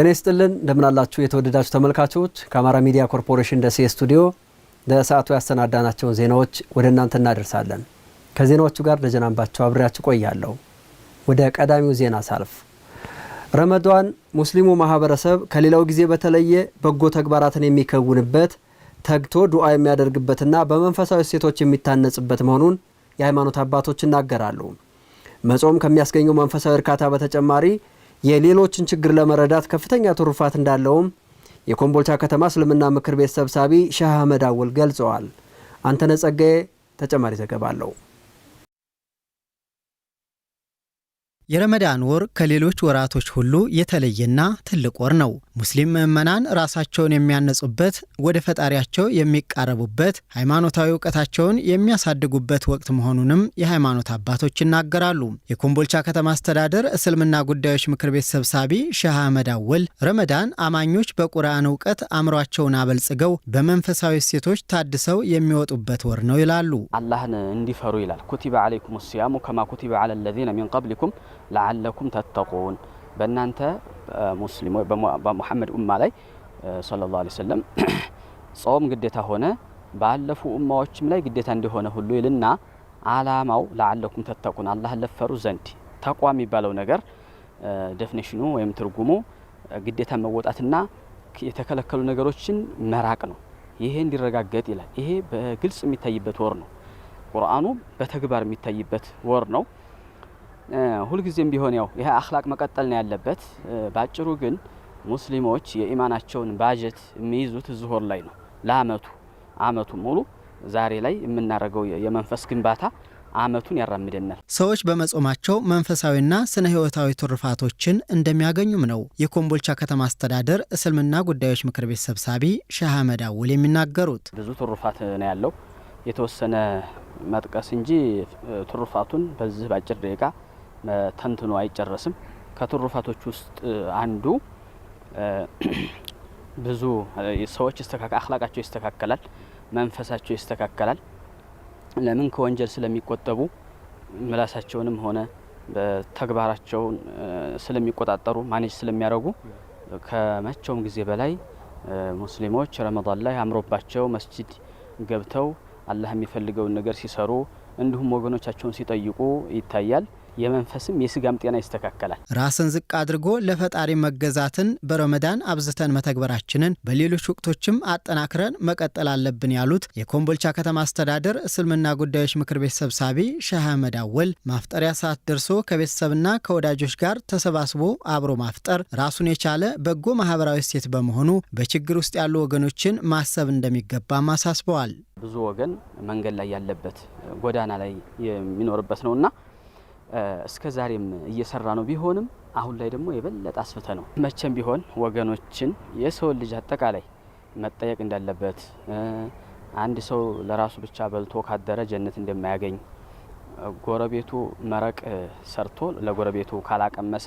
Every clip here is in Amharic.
ጤና ይስጥልን እንደምናላችሁ የተወደዳችሁ ተመልካቾች፣ ከአማራ ሚዲያ ኮርፖሬሽን ደሴ ስቱዲዮ ለሰዓቱ ያሰናዳናቸውን ዜናዎች ወደ እናንተ እናደርሳለን። ከዜናዎቹ ጋር ደጀን አብሬያችሁ ቆያለሁ። ወደ ቀዳሚው ዜና ሳልፍ ረመዷን ሙስሊሙ ማህበረሰብ ከሌላው ጊዜ በተለየ በጎ ተግባራትን የሚከውንበት ተግቶ ዱዓ የሚያደርግበትና በመንፈሳዊ እሴቶች የሚታነጽበት መሆኑን የሃይማኖት አባቶች ይናገራሉ። መጾም ከሚያስገኘው መንፈሳዊ እርካታ በተጨማሪ የሌሎችን ችግር ለመረዳት ከፍተኛ ትሩፋት እንዳለውም የኮምቦልቻ ከተማ እስልምና ምክር ቤት ሰብሳቢ ሻህ አህመድ አወል ገልጸዋል። አንተነ ጸጋዬ ተጨማሪ ዘገባ አለው። የረመዳን ወር ከሌሎች ወራቶች ሁሉ የተለየና ትልቅ ወር ነው። ሙስሊም ምዕመናን ራሳቸውን የሚያነጹበት፣ ወደ ፈጣሪያቸው የሚቃረቡበት፣ ሃይማኖታዊ እውቀታቸውን የሚያሳድጉበት ወቅት መሆኑንም የሃይማኖት አባቶች ይናገራሉ። የኮምቦልቻ ከተማ አስተዳደር እስልምና ጉዳዮች ምክር ቤት ሰብሳቢ ሸህ አህመድ አወል ረመዳን አማኞች በቁርአን እውቀት አእምሯቸውን አበልጽገው በመንፈሳዊ እሴቶች ታድሰው የሚወጡበት ወር ነው ይላሉ። አላህን እንዲፈሩ ይላል። ኩቲበ አለይኩም ሲያሙ ከማ ኩቲበ አለ ለዚነ ሚን ቀብሊኩም ለዓለኩም ተተቁን በእናንተ ሙስሊሞች በሙሐመድ ኡማ ላይ ሰለላሁ ዐለይሂ ወሰለም ጾም ግዴታ ሆነ ባለፉ ኡማዎችም ላይ ግዴታ እንደሆነ ሁሉ ይልና አላማው ለዓለኩም ተተቁን አላህ ለፈሩ ዘንድ ተቋ የሚባለው ነገር ዴፊኒሽኑ ወይም ትርጉሙ ግዴታ መወጣትና የተከለከሉ ነገሮችን መራቅ ነው። ይሄ እንዲረጋገጥ ይላል። ይሄ በግልጽ የሚታይበት ወር ነው። ቁርአኑ በተግባር የሚታይበት ወር ነው። ሁልጊዜም ቢሆን ያው ይህ አክላቅ መቀጠል ነው ያለበት። በአጭሩ ግን ሙስሊሞች የኢማናቸውን ባጀት የሚይዙት ዙሁር ላይ ነው። ለአመቱ አመቱ ሙሉ ዛሬ ላይ የምናደርገው የመንፈስ ግንባታ አመቱን ያራምደናል። ሰዎች በመጾማቸው መንፈሳዊና ስነ ህይወታዊ ትሩፋቶችን እንደሚያገኙም ነው የኮምቦልቻ ከተማ አስተዳደር እስልምና ጉዳዮች ምክር ቤት ሰብሳቢ ሼህ አህመድ አውል የሚናገሩት። ብዙ ትሩፋት ነው ያለው የተወሰነ መጥቀስ እንጂ ትሩፋቱን በዚህ በአጭር ደቂቃ ተንትኖ አይጨረስም። ከትሩፋቶች ውስጥ አንዱ ብዙ ሰዎች አክላቃቸው ይስተካከላል፣ መንፈሳቸው ይስተካከላል። ለምን ከወንጀል ስለሚቆጠቡ ምላሳቸውንም ሆነ ተግባራቸውን ስለሚቆጣጠሩ ማኔጅ ስለሚያደርጉ ከመቼውም ጊዜ በላይ ሙስሊሞች ረመዳን ላይ አምሮባቸው መስጂድ ገብተው አላህ የሚፈልገውን ነገር ሲሰሩ እንዲሁም ወገኖቻቸውን ሲጠይቁ ይታያል። የመንፈስም የስጋም ጤና ይስተካከላል። ራስን ዝቅ አድርጎ ለፈጣሪ መገዛትን በረመዳን አብዝተን መተግበራችንን በሌሎች ወቅቶችም አጠናክረን መቀጠል አለብን ያሉት የኮምቦልቻ ከተማ አስተዳደር እስልምና ጉዳዮች ምክር ቤት ሰብሳቢ ሻህ አህመድ አወል ማፍጠሪያ ሰዓት ደርሶ ከቤተሰብና ከወዳጆች ጋር ተሰባስቦ አብሮ ማፍጠር ራሱን የቻለ በጎ ማህበራዊ እሴት በመሆኑ በችግር ውስጥ ያሉ ወገኖችን ማሰብ እንደሚገባም አሳስበዋል። ብዙ ወገን መንገድ ላይ ያለበት ጎዳና ላይ የሚኖርበት ነውና እስከ ዛሬም እየሰራ ነው። ቢሆንም አሁን ላይ ደግሞ የበለጠ አስፍተ ነው። መቼም ቢሆን ወገኖችን የሰውን ልጅ አጠቃላይ መጠየቅ እንዳለበት አንድ ሰው ለራሱ ብቻ በልቶ ካደረ ጀነት እንደማያገኝ ጎረቤቱ መረቅ ሰርቶ ለጎረቤቱ ካላቀመሰ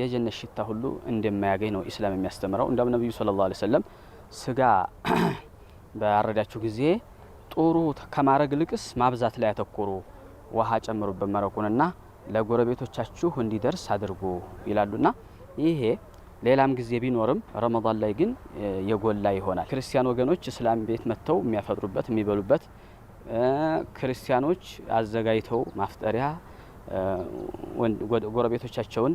የጀነት ሽታ ሁሉ እንደማያገኝ ነው ኢስላም የሚያስተምረው። እንደም ነቢዩ ሰለላሁ ዐለይሂ ወሰለም ስጋ ባረዳችሁ ጊዜ ጥሩ ከማድረግ ልቅስ ማብዛት ላይ ያተኩሩ፣ ውሃ ጨምሩበት መረቁንና ለጎረቤቶቻችሁ እንዲደርስ አድርጉ ይላሉና ይሄ ሌላም ጊዜ ቢኖርም ረመዳን ላይ ግን የጎላ ይሆናል። ክርስቲያን ወገኖች እስላም ቤት መጥተው የሚያፈጥሩበት የሚበሉበት፣ ክርስቲያኖች አዘጋጅተው ማፍጠሪያ ጎረቤቶቻቸውን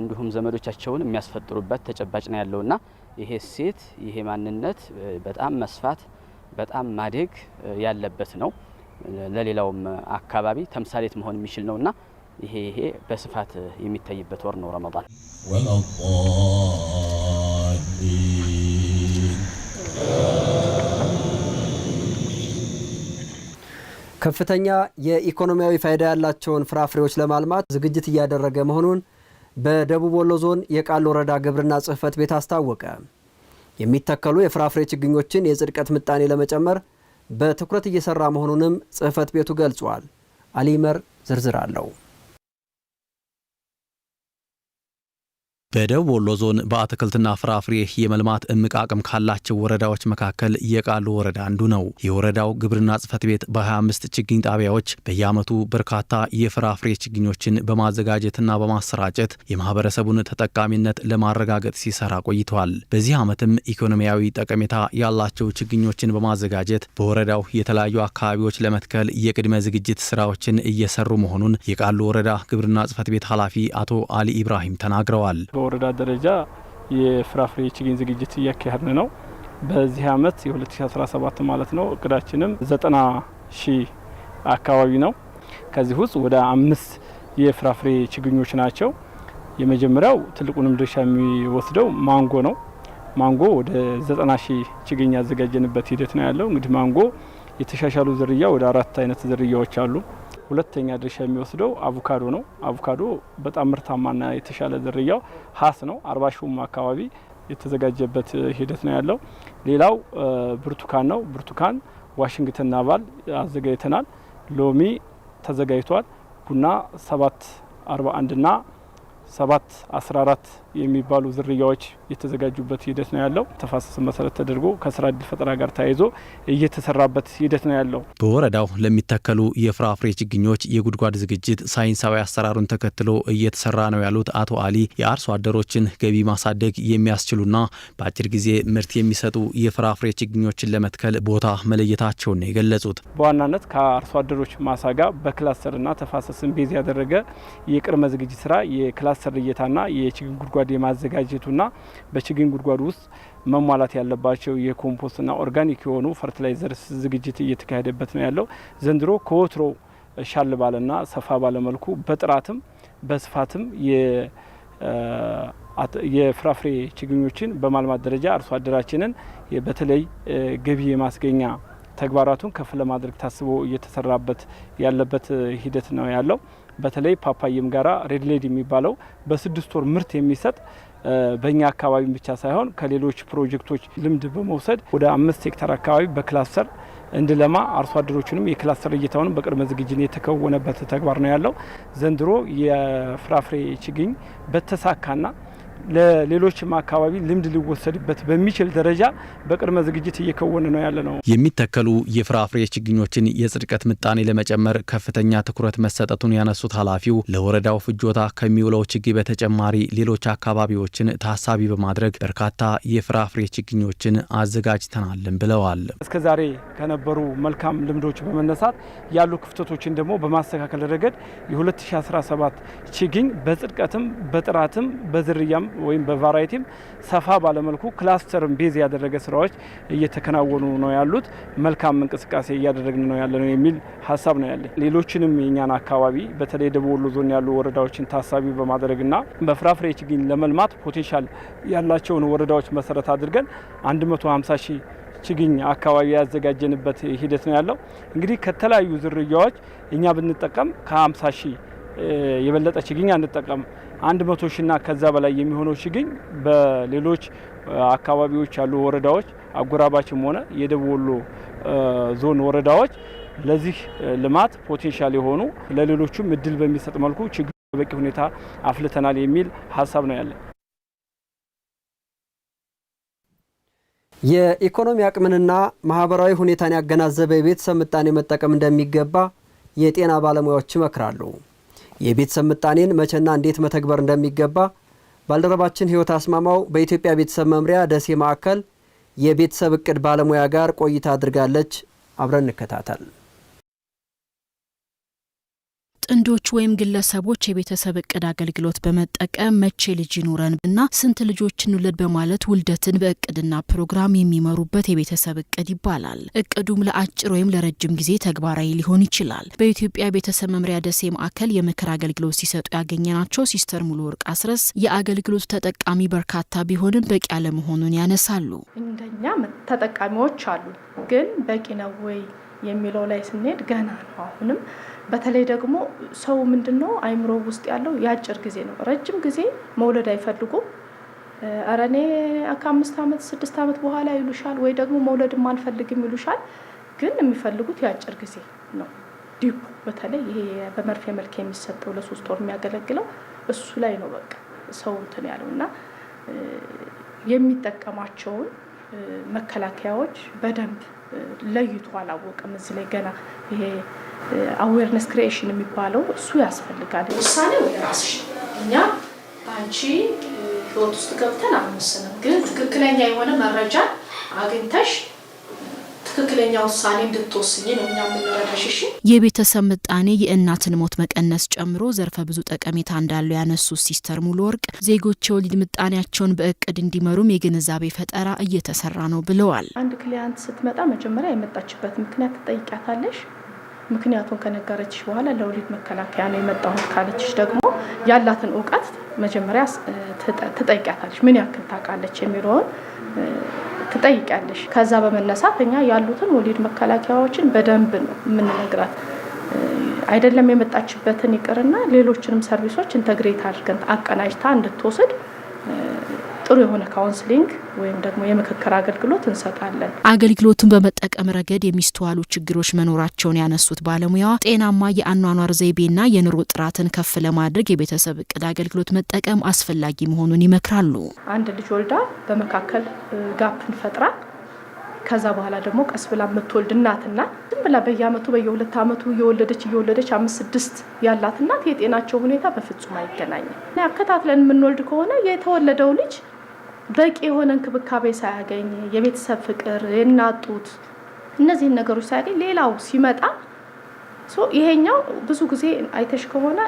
እንዲሁም ዘመዶቻቸውን የሚያስፈጥሩበት ተጨባጭ ነው ያለውና ይሄ ሴት ይሄ ማንነት በጣም መስፋት በጣም ማደግ ያለበት ነው። ለሌላውም አካባቢ ተምሳሌት መሆን የሚችል ነውና ይሄ ይሄ በስፋት የሚታይበት ወር ነው ረመዳን። ከፍተኛ የኢኮኖሚያዊ ፋይዳ ያላቸውን ፍራፍሬዎች ለማልማት ዝግጅት እያደረገ መሆኑን በደቡብ ወሎ ዞን የቃል ወረዳ ግብርና ጽሕፈት ቤት አስታወቀ። የሚተከሉ የፍራፍሬ ችግኞችን የጽድቀት ምጣኔ ለመጨመር በትኩረት እየሰራ መሆኑንም ጽሕፈት ቤቱ ገልጿል። አሊመር ዝርዝር አለው። በደቡብ ወሎ ዞን በአትክልትና ፍራፍሬ የመልማት እምቅ አቅም ካላቸው ወረዳዎች መካከል የቃሉ ወረዳ አንዱ ነው። የወረዳው ግብርና ጽሕፈት ቤት በ25 ችግኝ ጣቢያዎች በየዓመቱ በርካታ የፍራፍሬ ችግኞችን በማዘጋጀትና በማሰራጨት የማህበረሰቡን ተጠቃሚነት ለማረጋገጥ ሲሰራ ቆይተዋል። በዚህ ዓመትም ኢኮኖሚያዊ ጠቀሜታ ያላቸው ችግኞችን በማዘጋጀት በወረዳው የተለያዩ አካባቢዎች ለመትከል የቅድመ ዝግጅት ስራዎችን እየሰሩ መሆኑን የቃሉ ወረዳ ግብርና ጽሕፈት ቤት ኃላፊ አቶ አሊ ኢብራሂም ተናግረዋል። በወረዳ ደረጃ የፍራፍሬ ችግኝ ዝግጅት እያካሄድን ነው። በዚህ አመት የ2017 ማለት ነው እቅዳችንም ዘጠና ሺህ አካባቢ ነው። ከዚህ ውስጥ ወደ አምስት የፍራፍሬ ችግኞች ናቸው። የመጀመሪያው ትልቁንም ድርሻ የሚወስደው ማንጎ ነው። ማንጎ ወደ ዘጠና ሺህ ችግኝ ያዘጋጀንበት ሂደት ነው ያለው። እንግዲህ ማንጎ የተሻሻሉ ዝርያ ወደ አራት አይነት ዝርያዎች አሉ። ሁለተኛ ድርሻ የሚወስደው አቮካዶ ነው። አቮካዶ በጣም ምርታማና የተሻለ ዝርያው ሀስ ነው። አርባ ሺውም አካባቢ የተዘጋጀበት ሂደት ነው ያለው። ሌላው ብርቱካን ነው። ብርቱካን ዋሽንግተን ናቫል አዘጋጅተናል። ሎሚ ተዘጋጅቷል። ቡና ሰባት አርባ አንድ ና ሰባት አስራ አራት የሚባሉ ዝርያዎች የተዘጋጁበት ሂደት ነው ያለው። ተፋሰስን መሰረት ተደርጎ ከስራ እድል ፈጠራ ጋር ተያይዞ እየተሰራበት ሂደት ነው ያለው። በወረዳው ለሚተከሉ የፍራፍሬ ችግኞች የጉድጓድ ዝግጅት ሳይንሳዊ አሰራሩን ተከትሎ እየተሰራ ነው ያሉት አቶ አሊ የአርሶ አደሮችን ገቢ ማሳደግ የሚያስችሉና በአጭር ጊዜ ምርት የሚሰጡ የፍራፍሬ ችግኞችን ለመትከል ቦታ መለየታቸውን ነው የገለጹት። በዋናነት ከአርሶ አደሮች ማሳ ጋር በክላስተርና ተፋሰስን ቤዝ ያደረገ የቅድመ ዝግጅት ስራ የክላስተር እይታና የችግኝ ጉድጓድ ጉድጓድ የማዘጋጀቱና በችግኝ ጉድጓድ ውስጥ መሟላት ያለባቸው የኮምፖስትና ኦርጋኒክ የሆኑ ፈርትላይዘርስ ዝግጅት እየተካሄደበት ነው ያለው። ዘንድሮ ከወትሮ ሻል ባለና ሰፋ ባለመልኩ በጥራትም በስፋትም የፍራፍሬ ችግኞችን በማልማት ደረጃ አርሶ አደራችንን በተለይ ገቢ የማስገኛ ተግባራቱን ከፍ ለማድረግ ታስቦ እየተሰራበት ያለበት ሂደት ነው ያለው። በተለይ ፓፓይም ጋራ ሬድሌድ የሚባለው በስድስት ወር ምርት የሚሰጥ በእኛ አካባቢ ብቻ ሳይሆን ከሌሎች ፕሮጀክቶች ልምድ በመውሰድ ወደ አምስት ሄክታር አካባቢ በክላስተር እንድለማ አርሶ አደሮችንም የክላስተር እይታውን በቅድመ ዝግጅት የተከወነበት ተግባር ነው ያለው። ዘንድሮ የፍራፍሬ ችግኝ በተሳካና ለሌሎችም አካባቢ ልምድ ሊወሰድበት በሚችል ደረጃ በቅድመ ዝግጅት እየከወነ ነው ያለ ነው። የሚተከሉ የፍራፍሬ ችግኞችን የጽድቀት ምጣኔ ለመጨመር ከፍተኛ ትኩረት መሰጠቱን ያነሱት ኃላፊው ለወረዳው ፍጆታ ከሚውለው ችግኝ በተጨማሪ ሌሎች አካባቢዎችን ታሳቢ በማድረግ በርካታ የፍራፍሬ ችግኞችን አዘጋጅተናልን ብለዋል። እስከዛሬ ከነበሩ መልካም ልምዶች በመነሳት ያሉ ክፍተቶችን ደግሞ በማስተካከል ረገድ የ2017 ችግኝ በጽድቀትም በጥራትም በዝርያም በባህልም ወይም በቫራይቲም ሰፋ ባለመልኩ ክላስተርን ቤዝ ያደረገ ስራዎች እየተከናወኑ ነው ያሉት። መልካም እንቅስቃሴ እያደረግን ነው ያለ ነው የሚል ሀሳብ ነው ያለ። ሌሎችንም የእኛን አካባቢ በተለይ ደቡብ ወሎ ዞን ያሉ ወረዳዎችን ታሳቢ በማድረግና በፍራፍሬ ችግኝ ለመልማት ፖቴንሻል ያላቸውን ወረዳዎች መሰረት አድርገን 150 ሺህ ችግኝ አካባቢ ያዘጋጀንበት ሂደት ነው ያለው። እንግዲህ ከተለያዩ ዝርያዎች እኛ ብንጠቀም ከ50 ሺህ የበለጠ ችግኝ አንጠቀም። አንድ መቶ ሺና ከዛ በላይ የሚሆነው ችግኝ በሌሎች አካባቢዎች ያሉ ወረዳዎች አጎራባችም ሆነ የደቡብ ወሎ ዞን ወረዳዎች ለዚህ ልማት ፖቴንሻል የሆኑ ለሌሎቹም እድል በሚሰጥ መልኩ ችግኝ በበቂ ሁኔታ አፍልተናል የሚል ሀሳብ ነው ያለን። የኢኮኖሚ አቅምንና ማህበራዊ ሁኔታን ያገናዘበ የቤተሰብ ምጣኔ መጠቀም እንደሚገባ የጤና ባለሙያዎች ይመክራሉ። የቤተሰብ ምጣኔን መቼና እንዴት መተግበር እንደሚገባ ባልደረባችን ህይወት አስማማው በኢትዮጵያ ቤተሰብ መምሪያ ደሴ ማዕከል የቤተሰብ እቅድ ባለሙያ ጋር ቆይታ አድርጋለች። አብረን እንከታተል። ጥንዶች ወይም ግለሰቦች የቤተሰብ እቅድ አገልግሎት በመጠቀም መቼ ልጅ ይኑረን እና ስንት ልጆች እንውለድ በማለት ውልደትን በእቅድና ፕሮግራም የሚመሩበት የቤተሰብ እቅድ ይባላል። እቅዱም ለአጭር ወይም ለረጅም ጊዜ ተግባራዊ ሊሆን ይችላል። በኢትዮጵያ ቤተሰብ መምሪያ ደሴ ማዕከል የምክር አገልግሎት ሲሰጡ ያገኘናቸው ሲስተር ሙሉ ወርቅ አስረስ የአገልግሎቱ ተጠቃሚ በርካታ ቢሆንም በቂ አለመሆኑን ያነሳሉ። እንደኛ ተጠቃሚዎች አሉ፣ ግን በቂ ነው ወይ የሚለው ላይ ስንሄድ ገና ነው። አሁንም በተለይ ደግሞ ሰው ምንድን ነው አይምሮ ውስጥ ያለው የአጭር ጊዜ ነው። ረጅም ጊዜ መውለድ አይፈልጉም። እረ እኔ ከአምስት ዓመት ስድስት ዓመት በኋላ ይሉሻል፣ ወይ ደግሞ መውለድም አልፈልግም ይሉሻል። ግን የሚፈልጉት የአጭር ጊዜ ነው። ዲፖ በተለይ ይሄ በመርፌ መልክ የሚሰጠው ለሶስት ወር የሚያገለግለው እሱ ላይ ነው በቃ ሰው እንትን ያለው እና የሚጠቀማቸውን መከላከያዎች በደንብ ለይቶ አላወቀም። እዚህ ላይ ገና ይሄ አዌርነስ ክሪኤሽን የሚባለው እሱ ያስፈልጋል። ውሳኔ ወደ ራስሽ እኛ በአንቺ ህይወት ውስጥ ገብተን አንወስንም፣ ግን ትክክለኛ የሆነ መረጃ አግኝተሽ ትክክለኛ ውሳኔ እንድትወስኝ ነው እኛ የምንረዳሽ። የቤተሰብ ምጣኔ የእናትን ሞት መቀነስ ጨምሮ ዘርፈ ብዙ ጠቀሜታ እንዳለው ያነሱት ሲስተር ሙሉ ወርቅ ዜጎች የወሊድ ምጣኔያቸውን በእቅድ እንዲመሩም የግንዛቤ ፈጠራ እየተሰራ ነው ብለዋል። አንድ ክሊያንት ስትመጣ መጀመሪያ የመጣችበት ምክንያት ትጠይቂያታለሽ። ምክንያቱን ከነገረችሽ በኋላ ለወሊድ መከላከያ ነው የመጣሁት ካለችሽ ደግሞ ያላትን እውቀት መጀመሪያ ትጠይቂያታለሽ። ምን ያክል ታውቃለች የሚለውን ትጠይቂያለሽ። ከዛ በመነሳት እኛ ያሉትን ወሊድ መከላከያዎችን በደንብ ነው የምንነግራት። አይደለም የመጣችበትን ይቅርና ሌሎችንም ሰርቪሶች ኢንተግሬት አድርገን አቀናጅታ እንድትወስድ ጥሩ የሆነ ካውንስሊንግ ወይም ደግሞ የምክክር አገልግሎት እንሰጣለን። አገልግሎቱን በመጠቀም ረገድ የሚስተዋሉ ችግሮች መኖራቸውን ያነሱት ባለሙያዋ ጤናማ የአኗኗር ዘይቤና የኑሮ ጥራትን ከፍ ለማድረግ የቤተሰብ እቅድ አገልግሎት መጠቀም አስፈላጊ መሆኑን ይመክራሉ። አንድ ልጅ ወልዳ በመካከል ጋፕን ፈጥራ ከዛ በኋላ ደግሞ ቀስ ብላ የምትወልድ እናትና ዝም ብላ በየአመቱ በየሁለት አመቱ እየወለደች እየወለደች አምስት ስድስት ያላት እናት የጤናቸው ሁኔታ በፍጹም አይገናኝም። አከታትለን የምንወልድ ከሆነ የተወለደው ልጅ በቂ የሆነ እንክብካቤ ሳያገኝ የቤተሰብ ፍቅር የናጡት እነዚህን ነገሮች ሳያገኝ ሌላው ሲመጣ ይሄኛው ብዙ ጊዜ አይተሽ ከሆነ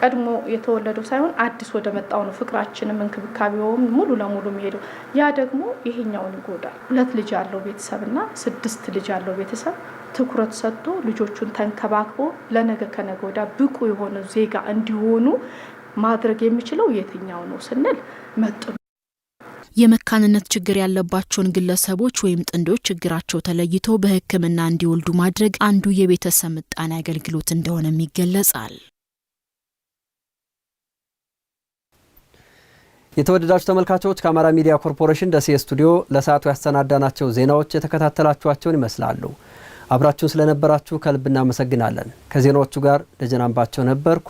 ቀድሞ የተወለደው ሳይሆን አዲስ ወደ መጣው ነው ፍቅራችንም እንክብካቤውም ሙሉ ለሙሉ የሚሄደው። ያ ደግሞ ይሄኛውን ይጎዳል። ሁለት ልጅ ያለው ቤተሰብና ስድስት ልጅ ያለው ቤተሰብ ትኩረት ሰጥቶ ልጆቹን ተንከባክቦ ለነገ ከነገ ወዲያ ብቁ የሆነ ዜጋ እንዲሆኑ ማድረግ የሚችለው የትኛው ነው ስንል መጡ የመካንነት ችግር ያለባቸውን ግለሰቦች ወይም ጥንዶች ችግራቸው ተለይቶ በሕክምና እንዲወልዱ ማድረግ አንዱ የቤተሰብ ምጣኔ አገልግሎት እንደሆነም ይገለጻል። የተወደዳችሁ ተመልካቾች ከአማራ ሚዲያ ኮርፖሬሽን ደሴ ስቱዲዮ ለሰዓቱ ያሰናዳናቸው ዜናዎች የተከታተላችኋቸውን ይመስላሉ። አብራችሁን ስለነበራችሁ ከልብ እናመሰግናለን። ከዜናዎቹ ጋር ደጀናንባቸው ነበርኩ።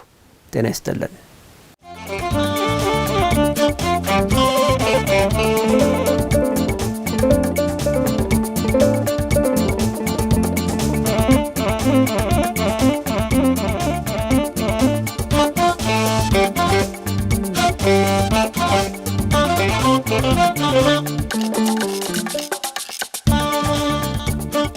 ጤና ይስጥልን።